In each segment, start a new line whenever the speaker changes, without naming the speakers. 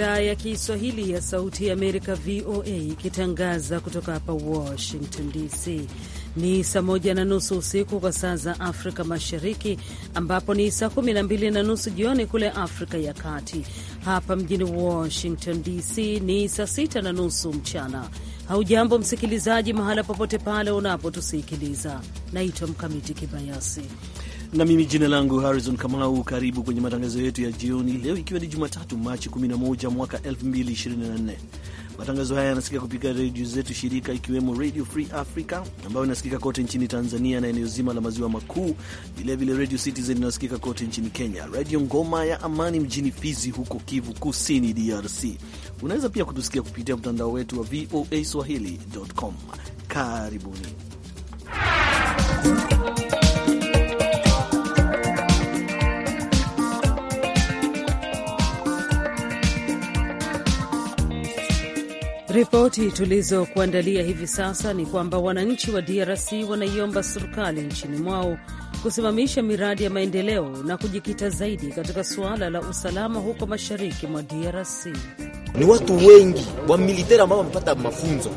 idhaa ya Kiswahili ya Sauti ya Amerika, VOA, ikitangaza kutoka hapa Washington DC. Ni saa moja na nusu usiku kwa saa za Afrika Mashariki, ambapo ni saa kumi na mbili na nusu jioni kule Afrika ya Kati. Hapa mjini Washington DC ni saa sita na nusu mchana. Haujambo msikilizaji, mahala popote pale unapotusikiliza. Naitwa Mkamiti Kibayasi
na mimi jina langu Harrison Kamau. Karibu kwenye matangazo yetu ya jioni leo, ikiwa ni Jumatatu Machi 11 mwaka 2024. Matangazo haya yanasikika kupitia redio zetu shirika, ikiwemo Radio Free Africa ambayo inasikika kote nchini Tanzania na eneo zima la maziwa makuu, vilevile Radio Citizen inayosikika kote nchini Kenya, Radio Ngoma ya Amani mjini Fizi huko Kivu Kusini, DRC. Unaweza pia kutusikia kupitia mtandao wetu wa VOA swahili.com. Karibuni
Ripoti tulizokuandalia hivi sasa ni kwamba wananchi wa DRC wanaiomba serikali nchini mwao kusimamisha miradi ya maendeleo na kujikita zaidi katika suala la usalama huko mashariki mwa DRC.
Ni watu wengi wa militeri ambao wamepata mafunzo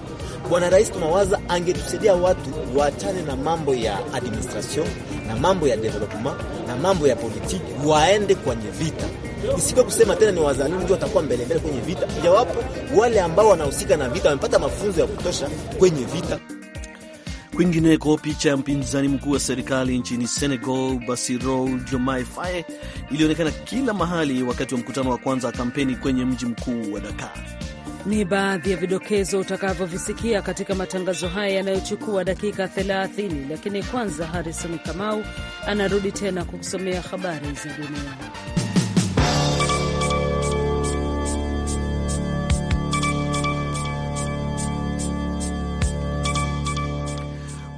Bwana Rais tunawaza angetusaidia watu waachane na mambo ya administration na mambo ya development na mambo ya politiki, waende kwenye vita isiko kusema tena ni wazalendo ndio watakuwa mbele mbele kwenye vita, jawapo wale ambao wanahusika na vita wamepata mafunzo ya kutosha kwenye vita.
Kwingineko, picha ya mpinzani mkuu wa serikali nchini Senegal, Bassirou Diomaye Faye, ilionekana kila mahali wakati wa mkutano wa kwanza wa kampeni kwenye mji mkuu wa Dakar.
Ni baadhi ya vidokezo utakavyovisikia katika matangazo haya yanayochukua dakika 30, lakini kwanza Harrison Kamau anarudi tena kukusomea habari za dunia.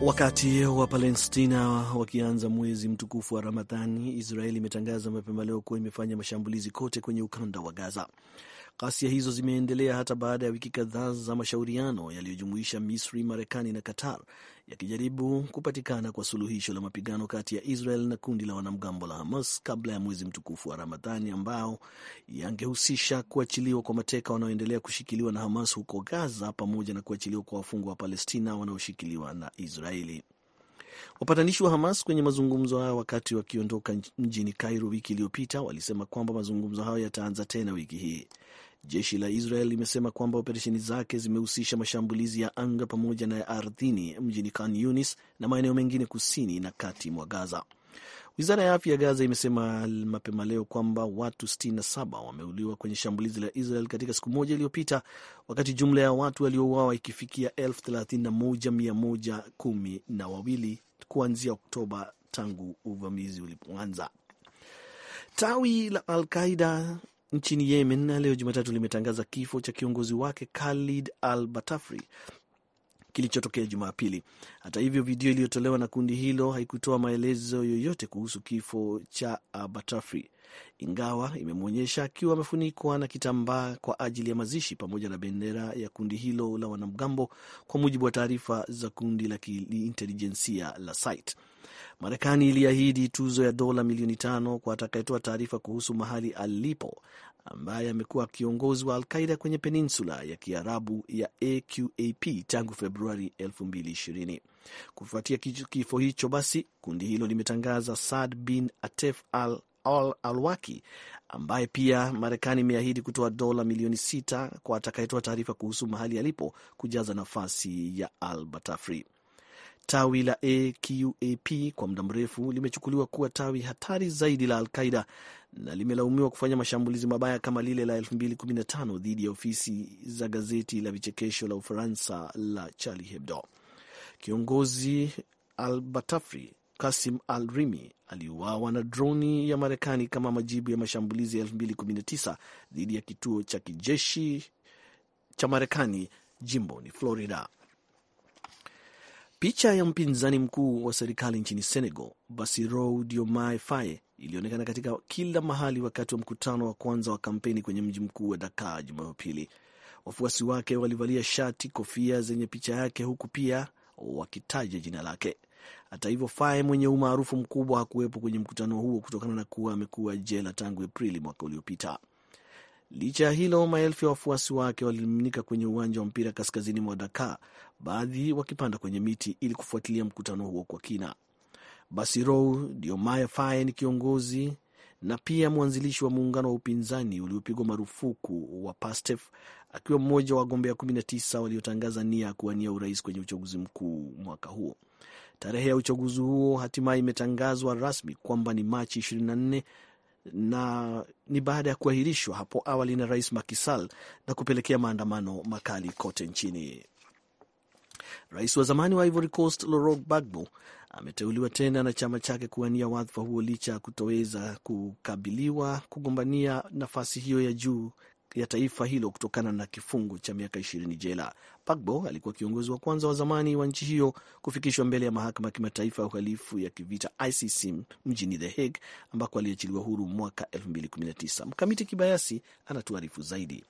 Wakati wa Palestina wakianza mwezi mtukufu wa Ramadhani, Israeli imetangaza mapema leo kuwa imefanya mashambulizi kote kwenye ukanda wa Gaza. Ghasia hizo zimeendelea hata baada ya wiki kadhaa za mashauriano yaliyojumuisha Misri, Marekani na Qatar yakijaribu kupatikana kwa suluhisho la mapigano kati ya Israel na kundi la wanamgambo la Hamas kabla ya mwezi mtukufu wa Ramadhani ambao yangehusisha kuachiliwa kwa mateka wanaoendelea kushikiliwa na Hamas huko Gaza pamoja na kuachiliwa kwa wafungwa wa Palestina wanaoshikiliwa na Israeli. Wapatanishi wa Hamas kwenye mazungumzo hayo wakati wakiondoka mjini Cairo wiki iliyopita walisema kwamba mazungumzo hayo yataanza tena wiki hii. Jeshi la Israel limesema kwamba operesheni zake zimehusisha mashambulizi ya anga pamoja na ya ardhini mjini Khan Yunis na maeneo mengine kusini na kati mwa Gaza. Wizara ya afya ya Gaza imesema mapema leo kwamba watu 67 wameuliwa kwenye shambulizi la Israel katika siku moja iliyopita, wakati jumla ya watu waliouawa ikifikia 31112 kuanzia Oktoba tangu uvamizi ulipoanza. Tawi la Al Qaida nchini Yemen leo Jumatatu limetangaza kifo cha kiongozi wake Khalid al Batafri kilichotokea Jumapili. Hata hivyo, video iliyotolewa na kundi hilo haikutoa maelezo yoyote kuhusu kifo cha uh, Batafri ingawa imemwonyesha akiwa amefunikwa na kitambaa kwa ajili ya mazishi pamoja na bendera ya kundi hilo la wanamgambo, kwa mujibu wa taarifa za kundi la kiintelijensia la SITE. Marekani iliahidi tuzo ya dola milioni tano kwa atakayetoa taarifa kuhusu mahali alipo ambaye amekuwa kiongozi wa Alqaida kwenye peninsula ya Kiarabu ya AQAP tangu Februari 2020. Kufuatia kifo hicho basi, kundi hilo limetangaza Saad bin Atef al al Alwaki ambaye pia Marekani imeahidi kutoa dola milioni sita kwa atakayetoa taarifa kuhusu mahali alipo kujaza nafasi ya al-Batafri. Tawi la AQAP kwa muda mrefu limechukuliwa kuwa tawi hatari zaidi la alqaida na limelaumiwa kufanya mashambulizi mabaya kama lile la 2015 dhidi ya ofisi za gazeti la vichekesho la Ufaransa la Charlie Hebdo. Kiongozi Al-Batafri Kasim Al-Rimi aliuawa na droni ya Marekani kama majibu ya mashambulizi ya 2019 dhidi ya kituo cha kijeshi cha Marekani jimboni Florida. Picha ya mpinzani mkuu wa serikali nchini Senegal, Bassirou Diomaye Faye, ilionekana katika kila mahali wakati wa mkutano wa kwanza wa kampeni kwenye mji mkuu wa Dakar Jumapili. Wafuasi wake walivalia shati, kofia zenye picha yake, huku pia wakitaja jina lake. Hata hivyo, Faye mwenye umaarufu mkubwa hakuwepo kwenye mkutano huo kutokana na kuwa amekuwa jela tangu Aprili mwaka uliopita. Licha ya hilo, maelfu ya wafuasi wake walimiminika kwenye uwanja wa mpira kaskazini mwa Dakar, baadhi wakipanda kwenye miti ili kufuatilia mkutano huo kwa kina. Basi Rou Diomaye Faye ni kiongozi na pia mwanzilishi wa muungano wa upinzani uliopigwa marufuku wa PASTEF, akiwa mmoja wa wagombea 19 waliotangaza nia ya kuwania urais kwenye uchaguzi mkuu mwaka huo. Tarehe ya uchaguzi huo hatimaye imetangazwa rasmi kwamba ni Machi 24 na ni baada ya kuahirishwa hapo awali na Rais Macky Sall na kupelekea maandamano makali kote nchini. Rais wa zamani wa Ivory Coast Laurent Gbagbo ameteuliwa tena na chama chake kuwania wadhifa huo licha ya kutoweza kukabiliwa kugombania nafasi hiyo ya juu ya taifa hilo kutokana na kifungo cha miaka ishirini jela. Bagbo alikuwa kiongozi wa kwanza wa zamani wa nchi hiyo kufikishwa mbele ya mahakama ya kimataifa ya uhalifu ya kivita ICC mjini The Hague ambako aliachiliwa huru mwaka 2019. Mkamiti Kibayasi anatuarifu zaidi.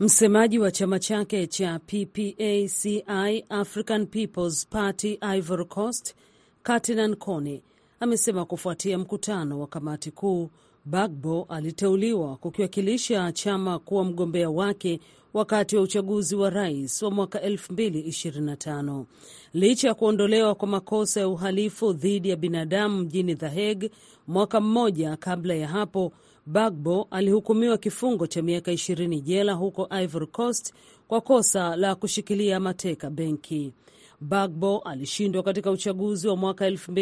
Msemaji wa chama chake cha PPACI, African People's Party Ivory Coast, Katinan Kone amesema kufuatia mkutano wa kamati kuu, Bagbo aliteuliwa kukiwakilisha chama kuwa mgombea wake wakati wa uchaguzi wa rais wa mwaka 2025 licha ya kuondolewa kwa makosa ya uhalifu dhidi ya binadamu mjini The Hague mwaka mmoja kabla ya hapo Bagbo alihukumiwa kifungo cha miaka 20 jela huko Ivory Coast kwa kosa la kushikilia mateka benki. Bagbo alishindwa katika uchaguzi wa mwaka elfu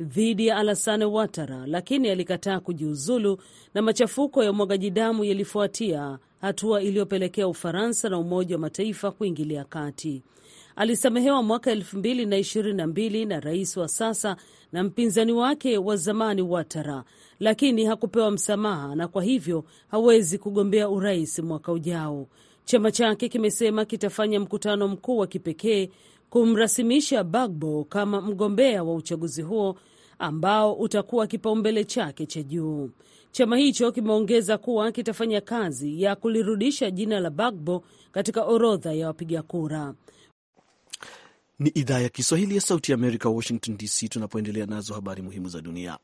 dhidi ya Alassane Ouattara, lakini alikataa kujiuzulu na machafuko ya umwagaji damu yalifuatia, hatua iliyopelekea Ufaransa na Umoja wa Mataifa kuingilia kati alisamehewa mwaka elfu mbili na ishirini na mbili na rais wa sasa na mpinzani wake wa zamani Watara, lakini hakupewa msamaha na kwa hivyo hawezi kugombea urais mwaka ujao. Chama chake kimesema kitafanya mkutano mkuu wa kipekee kumrasimisha Bagbo kama mgombea wa uchaguzi huo ambao utakuwa kipaumbele chake cha juu. Chama hicho kimeongeza kuwa kitafanya kazi ya kulirudisha jina la Bagbo katika orodha ya wapiga kura.
Ni idhaa ya Kiswahili ya Sauti ya Amerika, Washington DC, tunapoendelea nazo habari muhimu za dunia.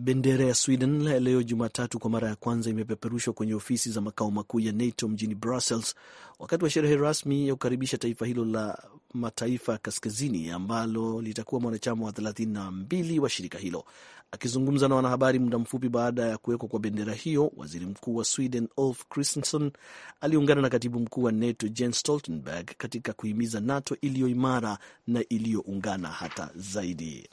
Bendera ya Sweden leo Jumatatu kwa mara ya kwanza imepeperushwa kwenye ofisi za makao makuu ya NATO mjini Brussels, wakati wa sherehe rasmi ya kukaribisha taifa hilo la mataifa kaskazini ambalo litakuwa mwanachama wa 32 wa shirika hilo. Akizungumza na wanahabari muda mfupi baada ya kuwekwa kwa bendera hiyo, waziri mkuu wa Sweden Ulf Kristersson aliungana na katibu mkuu wa NATO Jens Stoltenberg katika kuhimiza NATO iliyo imara na iliyoungana hata zaidi.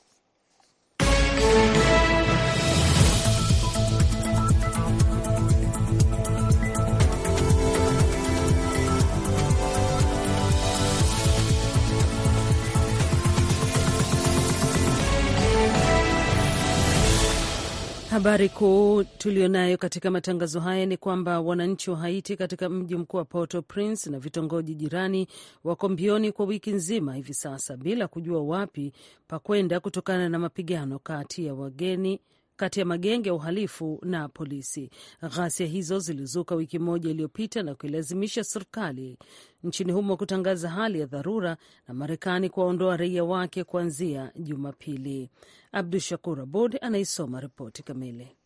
Habari kuu tuliyonayo katika matangazo haya ni kwamba wananchi wa Haiti katika mji mkuu wa Port-au-Prince na vitongoji jirani wako mbioni kwa wiki nzima hivi sasa bila kujua wapi pa kwenda kutokana na mapigano kati ya wageni kati ya magenge ya uhalifu na polisi. Ghasia hizo zilizuka wiki moja iliyopita na kuilazimisha serikali nchini humo kutangaza hali ya dharura na Marekani kuwaondoa raia wake kuanzia Jumapili. Abdu Shakur Abud anaisoma ripoti kamili.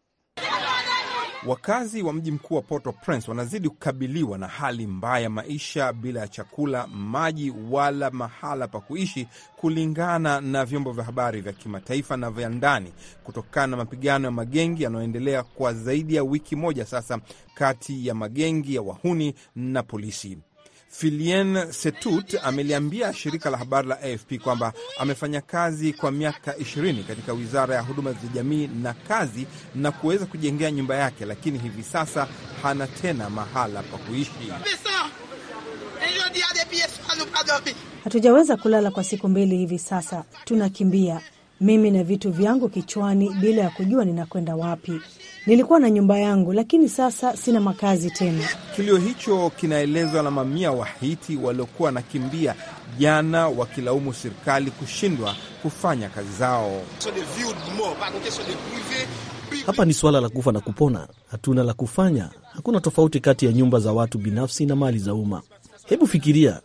Wakazi wa mji mkuu wa Port-au-Prince wanazidi kukabiliwa na hali mbaya maisha bila ya chakula, maji wala mahala pa kuishi, kulingana na vyombo vya habari vya kimataifa na vya ndani, kutokana na mapigano ya magengi yanayoendelea kwa zaidi ya wiki moja sasa, kati ya magengi ya wahuni na polisi. Filien Setut ameliambia shirika la habari la AFP kwamba amefanya kazi kwa miaka 20 katika wizara ya huduma za jamii na kazi na kuweza kujengea nyumba yake, lakini hivi sasa hana tena mahala pa kuishi.
Hatujaweza kulala kwa siku mbili hivi sasa, tunakimbia mimi na vitu vyangu kichwani bila ya kujua ninakwenda wapi. Nilikuwa na nyumba yangu, lakini sasa sina makazi tena.
Kilio hicho kinaelezwa na mamia Wahiti waliokuwa wanakimbia jana, wakilaumu serikali kushindwa kufanya kazi zao. Hapa ni suala la
kufa na kupona, hatuna la kufanya. Hakuna tofauti kati ya nyumba za watu binafsi na mali za umma. Hebu fikiria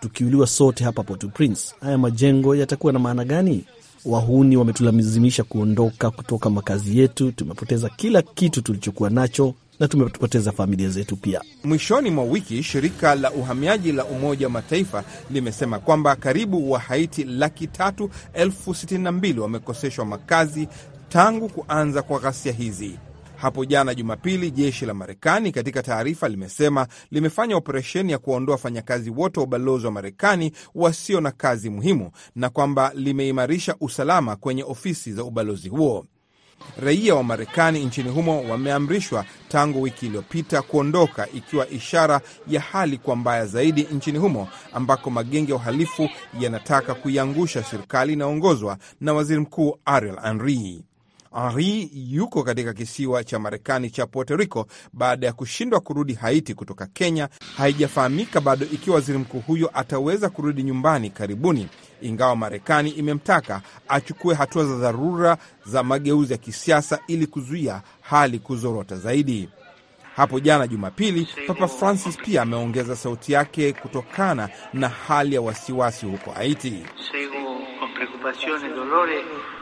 tukiuliwa sote hapa Port-au-Prince, haya majengo yatakuwa na maana gani? wahuni wametulazimisha kuondoka kutoka makazi yetu. Tumepoteza kila kitu tulichokuwa nacho na tumepoteza familia zetu pia.
Mwishoni mwa wiki, shirika la uhamiaji la Umoja wa Mataifa limesema kwamba karibu wa Haiti laki tatu elfu sitini na mbili wamekoseshwa makazi tangu kuanza kwa ghasia hizi. Hapo jana Jumapili, jeshi la Marekani katika taarifa limesema limefanya operesheni ya kuwaondoa wafanyakazi wote wa ubalozi wa Marekani wasio na kazi muhimu na kwamba limeimarisha usalama kwenye ofisi za ubalozi huo. Raia wa Marekani nchini humo wameamrishwa tangu wiki iliyopita kuondoka, ikiwa ishara ya hali kuwa mbaya zaidi nchini humo ambako magenge ya uhalifu yanataka kuiangusha serikali inayoongozwa na waziri mkuu Ariel Henry. Henri yuko katika kisiwa cha Marekani cha Puerto Rico baada ya kushindwa kurudi Haiti kutoka Kenya. Haijafahamika bado ikiwa waziri mkuu huyo ataweza kurudi nyumbani karibuni, ingawa Marekani imemtaka achukue hatua za dharura za mageuzi ya kisiasa ili kuzuia hali kuzorota zaidi. Hapo jana Jumapili, Papa Francis pia ameongeza sauti
yake kutokana na hali
ya wasiwasi huko Haiti.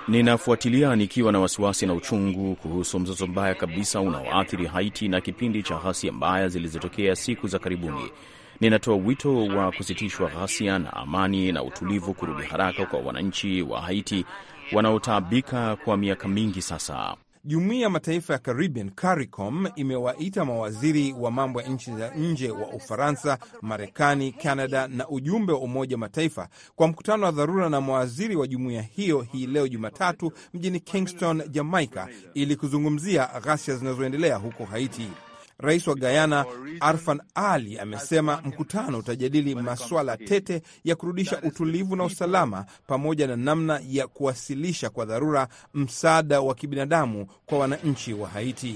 Ninafuatilia nikiwa na wasiwasi na uchungu kuhusu mzozo mbaya kabisa unaoathiri Haiti na kipindi cha ghasia mbaya zilizotokea siku za karibuni. Ninatoa wito wa kusitishwa ghasia na amani na utulivu kurudi haraka kwa wananchi wa Haiti wanaotaabika kwa miaka mingi sasa.
Jumuiya ya Mataifa ya Caribbean, CARICOM, imewaita mawaziri wa mambo ya nchi za nje wa Ufaransa, Marekani, canada na ujumbe wa Umoja wa Mataifa kwa mkutano wa dharura na mawaziri wa jumuiya hiyo hii leo Jumatatu mjini Kingston, Jamaica, ili kuzungumzia ghasia zinazoendelea huko Haiti. Rais wa Guyana Arfan Ali amesema mkutano utajadili maswala tete ya kurudisha utulivu na usalama pamoja na namna ya kuwasilisha kwa dharura msaada wa kibinadamu kwa wananchi wa Haiti.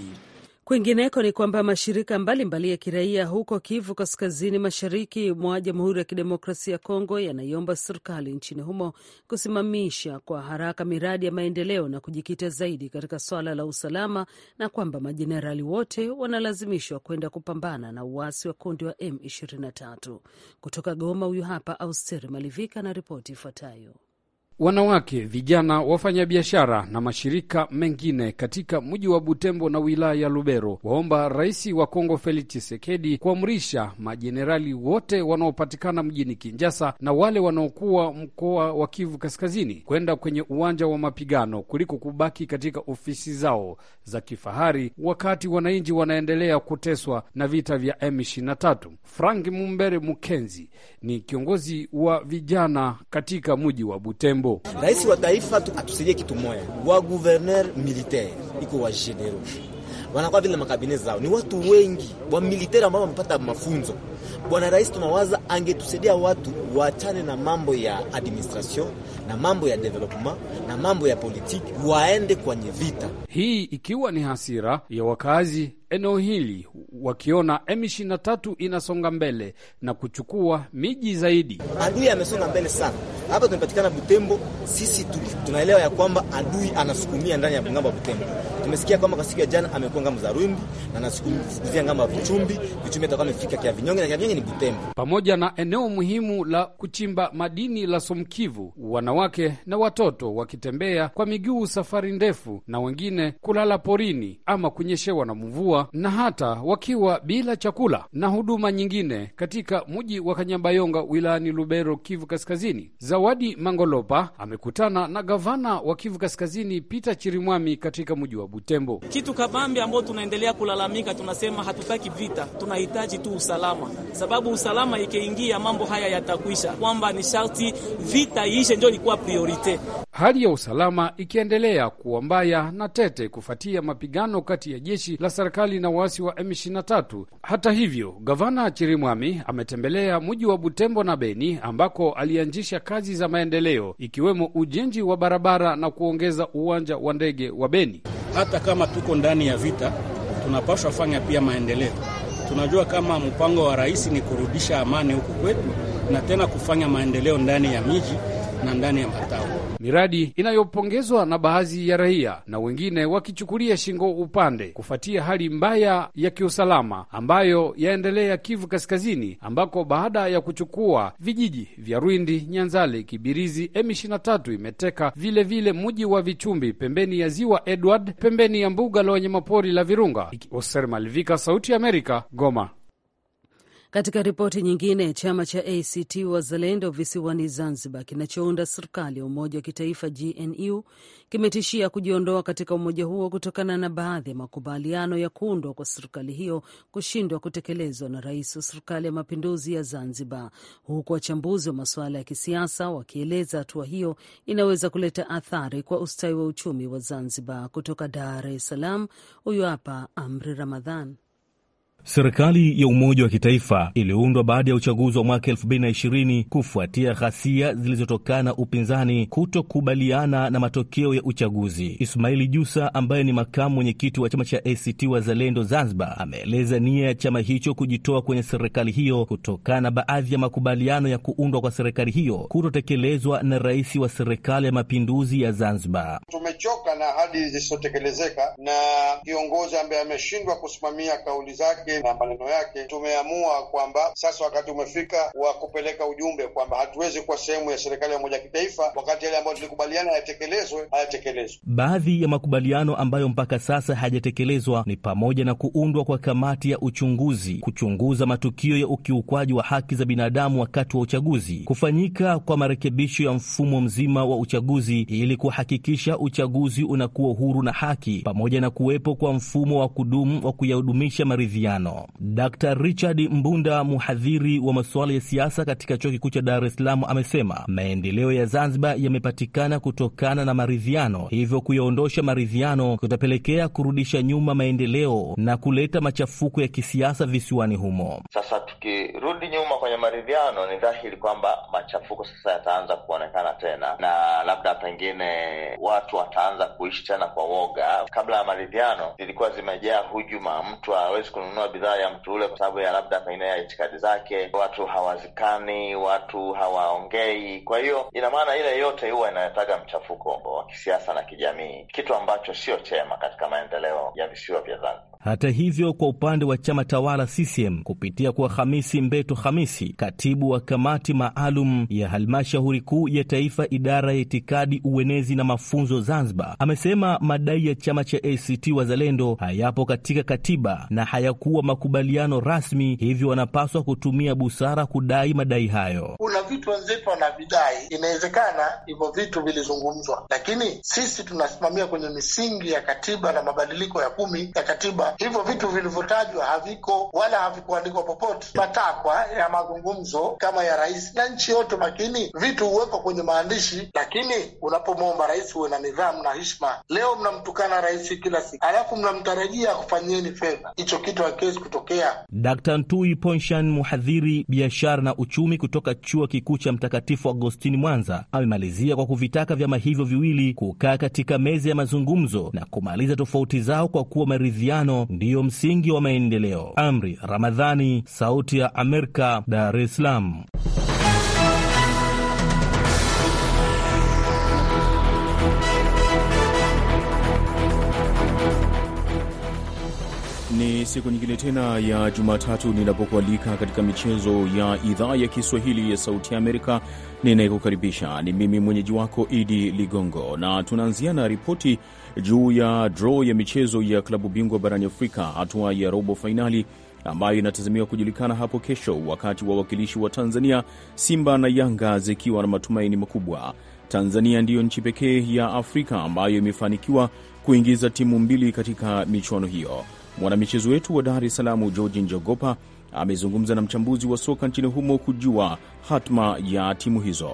Kwingineko ni kwamba mashirika mbalimbali mbali ya kiraia huko Kivu Kaskazini, mashariki mwa Jamhuri ya Kidemokrasia ya Kongo yanaiomba serikali nchini humo kusimamisha kwa haraka miradi ya maendeleo na kujikita zaidi katika swala la usalama, na kwamba majenerali wote wanalazimishwa kwenda kupambana na uasi wa kundi wa M23. Kutoka Goma, huyu hapa Austeri Malivika na ripoti ifuatayo.
Wanawake, vijana, wafanyabiashara na mashirika mengine katika mji wa Butembo na wilaya ya Lubero waomba rais wa Kongo Felix Tshisekedi kuamrisha majenerali wote wanaopatikana mjini kinjasa na wale wanaokuwa mkoa wa Kivu Kaskazini kwenda kwenye uwanja wa mapigano kuliko kubaki katika ofisi zao za kifahari, wakati wananchi wanaendelea kuteswa na vita vya M23. Frank Mumbere Mukenzi ni kiongozi wa vijana katika mji wa Butembo. Kongo. Rais wa taifa atusaidie kitu moya, wa guverner militaire iko wa general
wanakuwa vile makabine zao ni watu wengi wa militeri ambao wamepata mafunzo. Bwana Rais, tunawaza angetusaidia watu waachane na mambo ya administration na mambo ya
development na mambo ya politiki, waende kwenye vita hii, ikiwa ni hasira ya wakazi eneo hili wakiona M23 inasonga mbele na kuchukua miji zaidi. Adui amesonga mbele sana, hapa tumepatikana Butembo.
Sisi tunaelewa ya kwamba adui anasukumia ndani ya ngamba Butembo. Tumesikia kwamba kwa siku ya jana amekuwa ngamba za Rundi na anasukuzia ngamba Vichumbi. Vichumbi atakuwa amefika Kiavinyonge na Kiavinyonge ni Butembo,
pamoja na eneo muhimu la kuchimba madini la Somkivu, wanawake na watoto wakitembea kwa miguu safari ndefu na wengine kulala porini ama kunyeshewa na mvua na hata wakiwa bila chakula na huduma nyingine katika mji wa Kanyabayonga wilayani Lubero, Kivu Kaskazini. Zawadi Mangolopa amekutana na gavana wa Kivu Kaskazini Peter Chirimwami katika mji wa Butembo.
Kitu kabambi ambao tunaendelea kulalamika, tunasema hatutaki vita, tunahitaji tu usalama, sababu usalama ikiingia mambo haya yatakwisha, kwamba ni sharti vita iishe, ndio ilikuwa priorite.
Hali ya usalama ikiendelea kuwa mbaya na tete kufuatia mapigano kati ya jeshi la serikali vikali na waasi wa M23. Hata hivyo, gavana Chirimwami ametembelea mji wa Butembo na Beni ambako alianzisha kazi za maendeleo ikiwemo ujenzi wa barabara na kuongeza uwanja wa ndege wa Beni. Hata kama tuko ndani ya vita, tunapaswa fanya pia maendeleo. Tunajua kama mpango wa rais ni kurudisha amani huku kwetu na tena kufanya maendeleo ndani ya miji na ndani ya matao. Miradi inayopongezwa na baadhi ya raia na wengine wakichukulia shingo upande kufuatia hali mbaya ya kiusalama ambayo yaendelea Kivu Kaskazini, ambako baada ya kuchukua vijiji vya Rwindi, Nyanzale, Kibirizi, M23 imeteka vilevile mji wa Vichumbi pembeni ya ziwa Edward pembeni ya mbuga la wanyamapori la Virunga. Oser Malivika, Sauti ya Amerika, Goma.
Katika ripoti nyingine, chama cha ACT Wazalendo visiwani Zanzibar kinachounda serikali ya umoja wa kitaifa GNU kimetishia kujiondoa katika umoja huo kutokana na baadhi ya makubaliano ya kuundwa kwa serikali hiyo kushindwa kutekelezwa na rais wa serikali ya mapinduzi ya Zanzibar, huku wachambuzi wa masuala ya kisiasa wakieleza hatua hiyo inaweza kuleta athari kwa ustawi wa uchumi wa Zanzibar. Kutoka Dar es Salaam, huyu hapa Amri Ramadhan.
Serikali ya umoja wa kitaifa iliundwa baada ya uchaguzi wa mwaka 2020 kufuatia ghasia zilizotokana upinzani kutokubaliana na matokeo ya uchaguzi. Ismaili Jusa ambaye ni makamu mwenyekiti wa chama cha ACT Wazalendo Zanzibar ameeleza nia ya chama hicho kujitoa kwenye serikali hiyo kutokana na baadhi ya makubaliano ya kuundwa kwa serikali hiyo kutotekelezwa na rais wa serikali ya mapinduzi ya Zanzibar.
Tumechoka na ahadi zisizotekelezeka na kiongozi ambaye ameshindwa kusimamia kauli zake yake na maneno yake, tumeamua kwamba sasa wakati umefika wa kupeleka ujumbe kwamba hatuwezi kuwa sehemu ya serikali ya umoja wa kitaifa wakati yale ambayo tulikubaliana hayatekelezwe
hayatekelezwe. Baadhi ya makubaliano ambayo mpaka sasa hayajatekelezwa ni pamoja na kuundwa kwa kamati ya uchunguzi kuchunguza matukio ya ukiukwaji wa haki za binadamu wakati wa uchaguzi, kufanyika kwa marekebisho ya mfumo mzima wa uchaguzi ili kuhakikisha uchaguzi unakuwa huru na haki, pamoja na kuwepo kwa mfumo wa kudumu wa kuyahudumisha maridhiano maridhiano. Dr Richard Mbunda, mhadhiri wa masuala ya siasa katika chuo kikuu cha Dar es Salaam, amesema maendeleo ya Zanzibar yamepatikana kutokana na maridhiano, hivyo kuyaondosha maridhiano kutapelekea kurudisha nyuma maendeleo na kuleta machafuko ya kisiasa visiwani humo. Sasa tukirudi nyuma kwenye maridhiano, ni dhahiri kwamba machafuko sasa yataanza kuonekana tena, na labda pengine watu wataanza kuishi tena kwa woga. Kabla ya maridhiano zilikuwa zimejaa hujuma, mtu hawezi kununua bidhaa ya mtu ule kwa sababu ya labda aina ya itikadi zake, watu hawazikani, watu hawaongei. Kwa hiyo ina maana ile yote huwa inayotaga mchafuko wa kisiasa na kijamii, kitu ambacho sio chema katika maendeleo ya visiwa vya Zanzibar. Hata hivyo, kwa upande wa chama tawala CCM kupitia kwa Hamisi Mbeto Hamisi, katibu wa kamati maalum ya halmashauri kuu ya taifa idara ya itikadi, uenezi na mafunzo Zanzibar, amesema madai ya chama cha ACT Wazalendo hayapo katika katiba na hayakuwa makubaliano rasmi, hivyo wanapaswa kutumia busara kudai madai hayo.
Kuna vitu wenzetu wanavidai, inawezekana hivyo vitu vilizungumzwa, lakini sisi tunasimamia kwenye misingi ya katiba na mabadiliko ya kumi ya katiba hivyo vitu vilivyotajwa haviko wala havikuandikwa popote. Matakwa ya mazungumzo kama ya rais na nchi yote makini, vitu huwekwa kwenye maandishi, lakini unapomwomba rais huwe na nidhamu na heshima. Leo mnamtukana rais kila siku, alafu mnamtarajia
kufanyieni fedha. Hicho kitu hakiwezi kutokea.
Dkt Ntui Ponshan, mhadhiri biashara na uchumi kutoka chuo kikuu cha Mtakatifu Agostini Mwanza, amemalizia kwa kuvitaka vyama hivyo viwili kukaa katika meza ya mazungumzo na kumaliza tofauti zao kwa kuwa maridhiano ndiyo msingi wa maendeleo. Amri Ramadhani, Sauti ya Amerika, Dar es Salaam.
Ni siku nyingine tena ya Jumatatu ninapokualika katika michezo ya idhaa ya Kiswahili ya Sauti ya Amerika. Ninayekukaribisha ni mimi mwenyeji wako Idi Ligongo, na tunaanzia na ripoti juu ya draw ya michezo ya klabu bingwa barani Afrika, hatua ya robo fainali ambayo inatazamiwa kujulikana hapo kesho, wakati wa wakilishi wa Tanzania Simba na Yanga zikiwa na matumaini makubwa. Tanzania ndiyo nchi pekee ya Afrika ambayo imefanikiwa kuingiza timu mbili katika michuano hiyo. Mwanamichezo wetu wa Dar es Salaam Georgi Njogopa amezungumza na mchambuzi wa soka nchini humo kujua hatma ya timu hizo.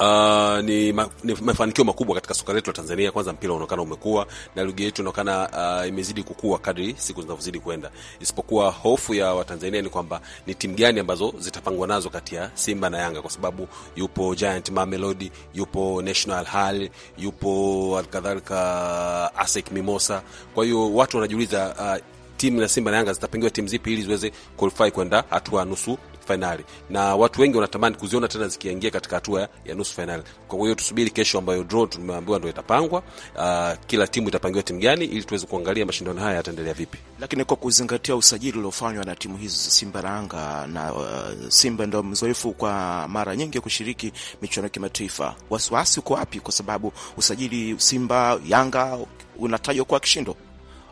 Uh, ni, ma, ni mafanikio makubwa katika soka letu la Tanzania. Kwanza mpira unaonekana umekuwa na ligi yetu inaonekana uh, imezidi kukua kadri siku zinavyozidi kwenda, isipokuwa hofu ya Watanzania ni kwamba ni timu gani ambazo zitapangwa nazo kati ya Simba na Yanga, kwa sababu yupo Giant Mamelodi, yupo National Hall, yupo halikadhalika uh, ASEC Mimosa. Kwa hiyo watu wanajiuliza uh, timu na Simba na Yanga zitapangiwa timu zipi ili ziweze qualify kwenda hatua nusu fainali, na watu wengi wanatamani kuziona tena zikiingia katika hatua ya nusu fainali. Kwa hiyo tusubiri kesho, ambayo draw tumeambiwa ndio itapangwa, uh, kila timu itapangiwa timu gani, ili tuweze kuangalia mashindano haya yataendelea
vipi. Lakini kwa kuzingatia usajili uliofanywa na timu hizi za Simba Yanga na uh, Simba ndio mzoefu kwa mara nyingi kushiriki michuano ya kimataifa, wasiwasi uko wapi? Kwa sababu
usajili Simba Yanga unatajwa kwa kishindo.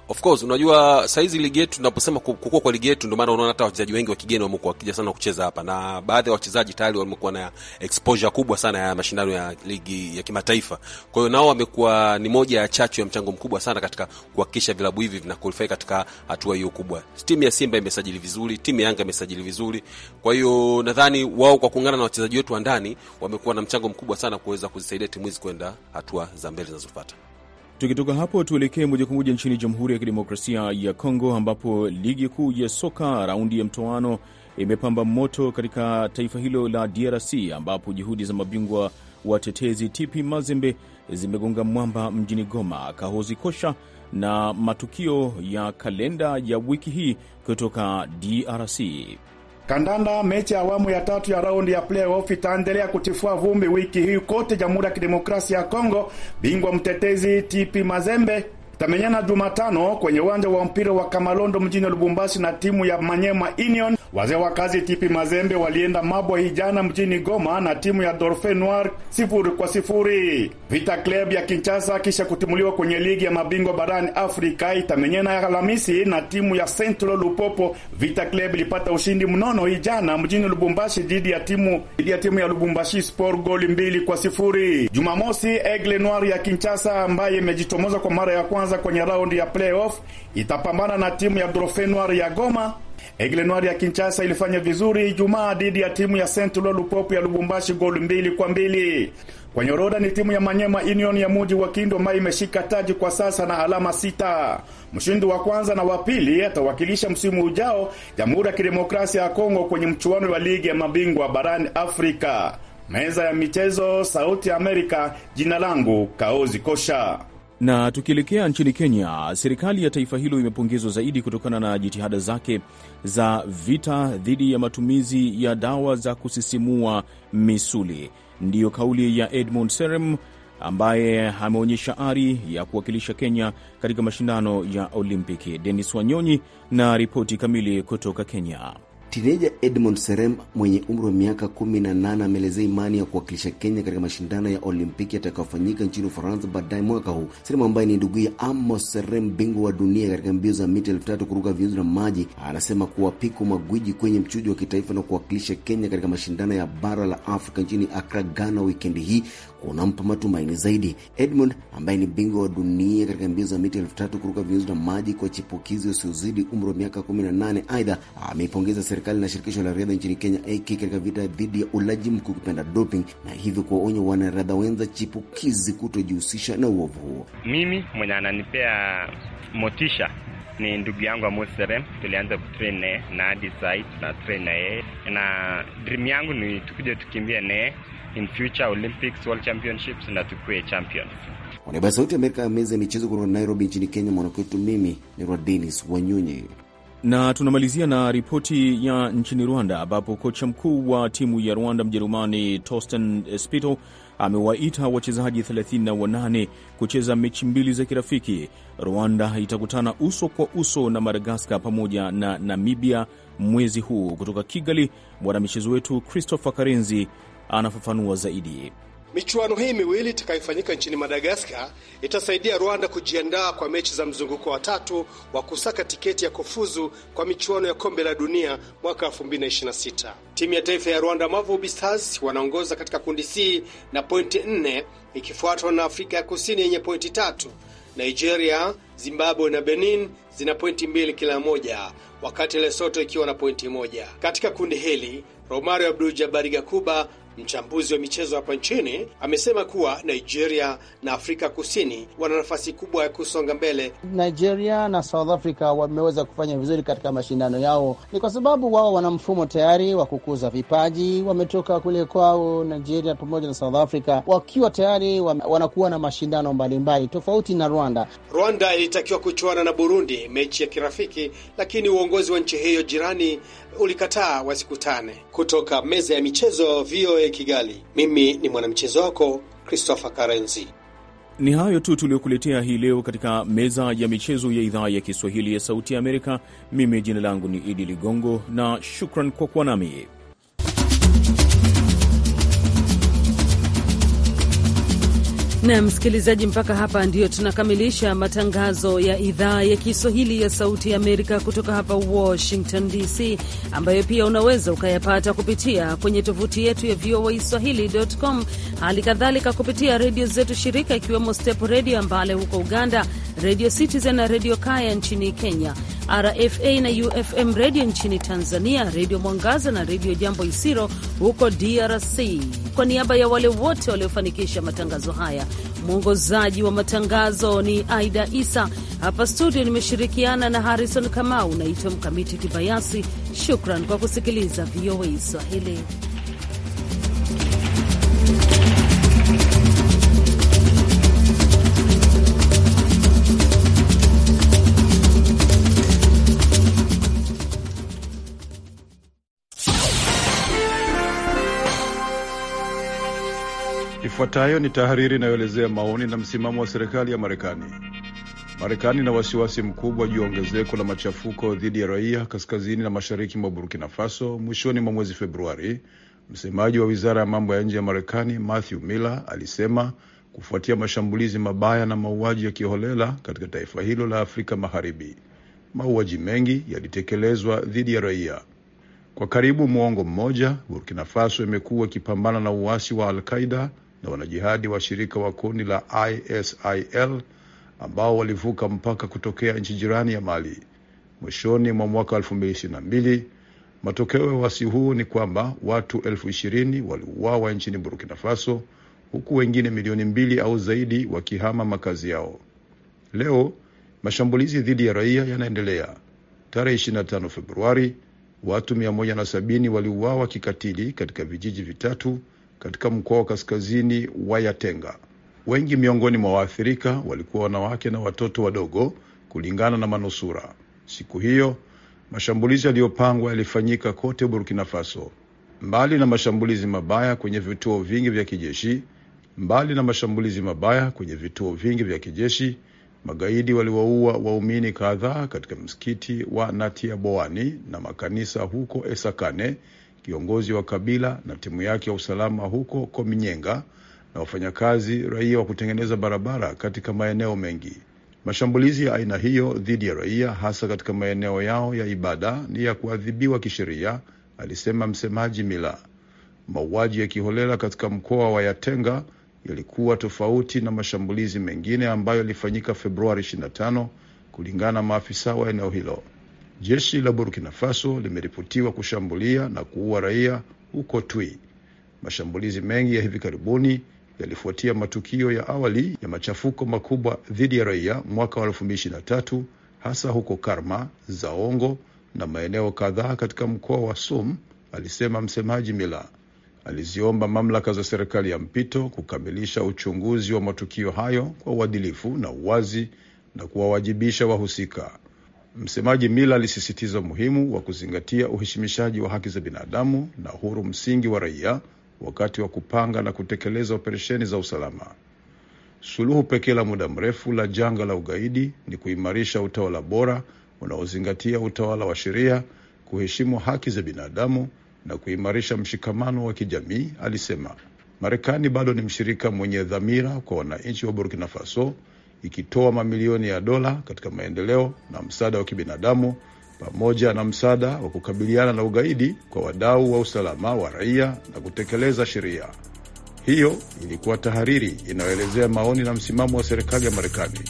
Of course unajua saizi ligi yetu tunaposema kukua kwa ligi yetu, ndio maana unaona hata wachezaji wengi wa kigeni wamekuwa wakija sana kucheza hapa, na baadhi ya wachezaji tayari wamekuwa na exposure kubwa sana ya mashindano ya ligi ya kimataifa. Kwa hiyo nao wamekuwa ni moja ya chachu ya mchango mkubwa sana katika kuhakikisha vilabu hivi vina qualify katika hatua hiyo kubwa. Timu ya Simba imesajili vizuri, timu ya Yanga imesajili vizuri. Kwa hiyo nadhani wao kwa kuungana na wachezaji wetu wa ndani wamekuwa na mchango mkubwa sana kuweza kuzisaidia timu hizi kwenda
hatua za mbele zinazofuata. Tukitoka hapo tuelekee moja kwa moja nchini Jamhuri ya Kidemokrasia ya Kongo, ambapo ligi kuu ya soka raundi ya mtoano imepamba moto katika taifa hilo la DRC, ambapo juhudi za mabingwa watetezi TP Mazembe zimegonga mwamba mjini Goma. Kahozi Kosha na matukio ya kalenda ya wiki hii kutoka DRC.
Kandanda, mechi ya awamu ya tatu ya raundi ya playoff itaendelea kutifua vumbi wiki hii kote Jamhuri ya Kidemokrasia ya Kongo. Bingwa mtetezi TP Mazembe tamenyana Jumatano kwenye uwanja wa mpira wa Kamalondo mjini Lubumbashi na timu ya Manyema Union. Wazee wa kazi Tipi Mazembe walienda mabwa hijana mjini Goma na timu ya Dorfe Noir sifuri kwa sifuri. Vita Club ya Kinshasa kisha kutimuliwa kwenye ligi ya mabingwa barani Afrika itamenyana ya Alhamisi na timu ya Central Lupopo. Vita Club ilipata ushindi mnono hijana mjini Lubumbashi dhidi ya timu dhidi ya timu ya Lubumbashi Sport goli mbili kwa sifuri. Jumamosi Egle Noir ya Kinshasa ambaye imejitomoza kwa mara ya kwanza kwanza kwenye raundi ya playoff itapambana na timu ya Dauphin Noir ya Goma. Aigle Noir ya Kinshasa ilifanya vizuri Ijumaa dhidi ya timu ya Saint Eloi Lupopo ya Lubumbashi goli mbili kwa mbili. Kwenye orodha ni timu ya Manyema Union ya muji wa Kindu ambayo imeshika taji kwa sasa na alama sita. Mshindi wa kwanza na wa pili atawakilisha msimu ujao Jamhuri ya Kidemokrasia ya Kongo kwenye mchuano wa ligi ya mabingwa barani Afrika. Meza ya michezo, Sauti ya Amerika. Jina langu Kaozi Kosha.
Na tukielekea nchini Kenya, serikali ya taifa hilo imepongezwa zaidi kutokana na jitihada zake za vita dhidi ya matumizi ya dawa za kusisimua misuli. Ndiyo kauli ya Edmund Serem ambaye ameonyesha ari ya kuwakilisha Kenya katika mashindano ya Olimpiki. Denis Wanyonyi na ripoti kamili kutoka Kenya.
Tineja Edmond Serem mwenye umri wa miaka 18 ameelezea imani ya kuwakilisha Kenya katika mashindano ya Olimpiki yatakayofanyika nchini Ufaransa baadaye mwaka huu. Serem ambaye ni ndugu ya Amos Serem, bingwa wa dunia katika mbio za mita elfu tatu kuruka viunzi na maji, anasema kuwa piku magwiji kwenye mchujo wa kitaifa na kuwakilisha Kenya katika mashindano ya bara la Afrika nchini Accra, Ghana wikendi hii kunampa matumaini zaidi. Edmond ambaye ni bingwa wa dunia katika mbio za mita elfu tatu kuruka viunzi na maji kwa chipukizi wasiozidi umri wa miaka 18, aidha ameipongeza serikali serikali na shirikisho la riadha nchini Kenya AK katika vita dhidi ya ulaji mkuu kupenda doping, na hivyo kuwaonya wanariadha wenza chipukizi
kutojihusisha na uovu huo.
Mimi mwenye ananipea motisha ni ndugu yangu Amos Serem, tulianza kutrain naye na hadi sai tuna train na yeye, na dream yangu ni tukuje tukimbie naye in future Olympics, World Championships na tukue champion.
Kwa niaba ya Sauti ya Amerika, meza ya michezo kutoka Nairobi nchini Kenya, mwanakwetu mimi ni Rodinis
Wanyonyi. Na tunamalizia na ripoti ya nchini Rwanda, ambapo kocha mkuu wa timu ya Rwanda Mjerumani Torsten Spito amewaita wachezaji 38 kucheza mechi mbili za kirafiki. Rwanda itakutana uso kwa uso na Madagaskar pamoja na Namibia mwezi huu. Kutoka Kigali, mwanamichezo wetu Christopher Karenzi anafafanua zaidi.
Michuano hii miwili itakayofanyika nchini Madagaskar itasaidia Rwanda kujiandaa kwa mechi za mzunguko wa tatu wa kusaka tiketi ya kufuzu kwa michuano ya kombe la dunia mwaka 2026. Timu ya taifa ya Rwanda Mavubi Stars wanaongoza katika kundi C na pointi 4 ikifuatwa na Afrika ya Kusini yenye pointi tatu. Nigeria, Zimbabwe na Benin zina pointi mbili kila moja, wakati lesoto ikiwa na pointi moja. Katika kundi hili Romario Abdul Jabari Gakuba Mchambuzi wa michezo hapa nchini amesema kuwa Nigeria na Afrika Kusini wana nafasi kubwa ya kusonga mbele.
Nigeria na South Africa wameweza kufanya vizuri katika mashindano yao, ni kwa sababu wao wana mfumo tayari wa kukuza vipaji. Wametoka kule kwao Nigeria pamoja na South Africa wakiwa tayari wanakuwa na mashindano mbalimbali, tofauti na Rwanda.
Rwanda ilitakiwa kuchuana na Burundi mechi ya kirafiki, lakini uongozi wa nchi hiyo jirani ulikataa wasikutane. Kutoka meza ya michezo VOA Kigali, mimi ni mwanamchezo wako Christopher Karenzi.
Ni hayo tu tuliyokuletea hii leo katika meza ya michezo ya idhaa ya Kiswahili ya Sauti ya Amerika. Mimi jina langu ni Idi Ligongo na shukran kwa kuwa nami.
na msikilizaji, mpaka hapa ndiyo tunakamilisha matangazo ya idhaa ya Kiswahili ya Sauti ya Amerika kutoka hapa Washington DC, ambayo pia unaweza ukayapata kupitia kwenye tovuti yetu ya VOA Swahili.com, hali kadhalika kupitia redio zetu shirika, ikiwemo Step Redio Ambale huko Uganda, Redio Citizen na Redio Kaya nchini Kenya, RFA na UFM Redio nchini Tanzania, Redio Mwangaza na Redio Jambo Isiro huko DRC. Kwa niaba ya wale wote waliofanikisha matangazo haya, mwongozaji wa matangazo ni Aida Isa. Hapa studio nimeshirikiana na Harrison Kamau. Naitwa Mkamiti Kibayasi. Shukran kwa kusikiliza VOA Swahili.
Ifuatayo ni tahariri inayoelezea maoni na msimamo wa serikali ya Marekani. Marekani ina wasiwasi mkubwa juu ya ongezeko la machafuko dhidi ya raia kaskazini na mashariki mwa Burkina Faso mwishoni mwa mwezi Februari. Msemaji wa wizara ya mambo ya nje ya Marekani Matthew Miller alisema kufuatia mashambulizi mabaya na mauaji ya kiholela katika taifa hilo la Afrika Magharibi, mauaji mengi yalitekelezwa dhidi ya raia. Kwa karibu muongo mmoja, Burkina Faso imekuwa ikipambana na uasi wa Al Qaida na wanajihadi washirika wa kundi la ISIL ambao walivuka mpaka kutokea nchi jirani ya Mali mwishoni mwa mwaka 2022. Matokeo ya wasi huu ni kwamba watu elfu ishirini waliuawa nchini Burkina Faso huku wengine milioni mbili au zaidi wakihama makazi yao. Leo mashambulizi dhidi ya raia yanaendelea. Tarehe 25 Februari, watu 170 waliuawa kikatili katika vijiji vitatu katika mkoa wa kaskazini wa Yatenga. Wengi miongoni mwa waathirika walikuwa wanawake na watoto wadogo, kulingana na manusura. Siku hiyo mashambulizi yaliyopangwa yalifanyika kote Burkina Faso. Mbali na mashambulizi mabaya kwenye vituo vingi vya kijeshi mbali na mashambulizi mabaya kwenye vituo vingi vya kijeshi, magaidi waliwaua waumini kadhaa katika msikiti wa Natia Boani na makanisa huko Esakane kiongozi wa kabila na timu yake ya usalama huko Kominyenga na wafanyakazi raia wa kutengeneza barabara katika maeneo mengi. Mashambulizi ya aina hiyo dhidi ya raia, hasa katika maeneo yao ya ibada, ni ya kuadhibiwa kisheria, alisema msemaji Mila. Mauaji ya kiholela katika mkoa wa Yatenga yalikuwa tofauti na mashambulizi mengine ambayo yalifanyika Februari 25 kulingana na maafisa wa eneo hilo. Jeshi la Burkina Faso limeripotiwa kushambulia na kuua raia huko Twi. Mashambulizi mengi ya hivi karibuni yalifuatia matukio ya awali ya machafuko makubwa dhidi ya raia mwaka wa 2023 hasa huko Karma, Zaongo na maeneo kadhaa katika mkoa wa sum alisema msemaji Mila. Aliziomba mamlaka za serikali ya mpito kukamilisha uchunguzi wa matukio hayo kwa uadilifu na uwazi na kuwawajibisha wahusika. Msemaji Mila alisisitiza umuhimu wa kuzingatia uheshimishaji wa haki za binadamu na uhuru msingi wa raia wakati wa kupanga na kutekeleza operesheni za usalama. Suluhu pekee la muda mrefu la janga la ugaidi ni kuimarisha utawala bora unaozingatia utawala wa sheria, kuheshimu haki za binadamu na kuimarisha mshikamano wa kijamii, alisema. Marekani bado ni mshirika mwenye dhamira kwa wananchi wa Burkina Faso ikitoa mamilioni ya dola katika maendeleo na msaada wa kibinadamu pamoja na msaada wa kukabiliana na ugaidi kwa wadau wa usalama wa raia na kutekeleza sheria. Hiyo ilikuwa tahariri inayoelezea maoni na msimamo wa serikali ya Marekani.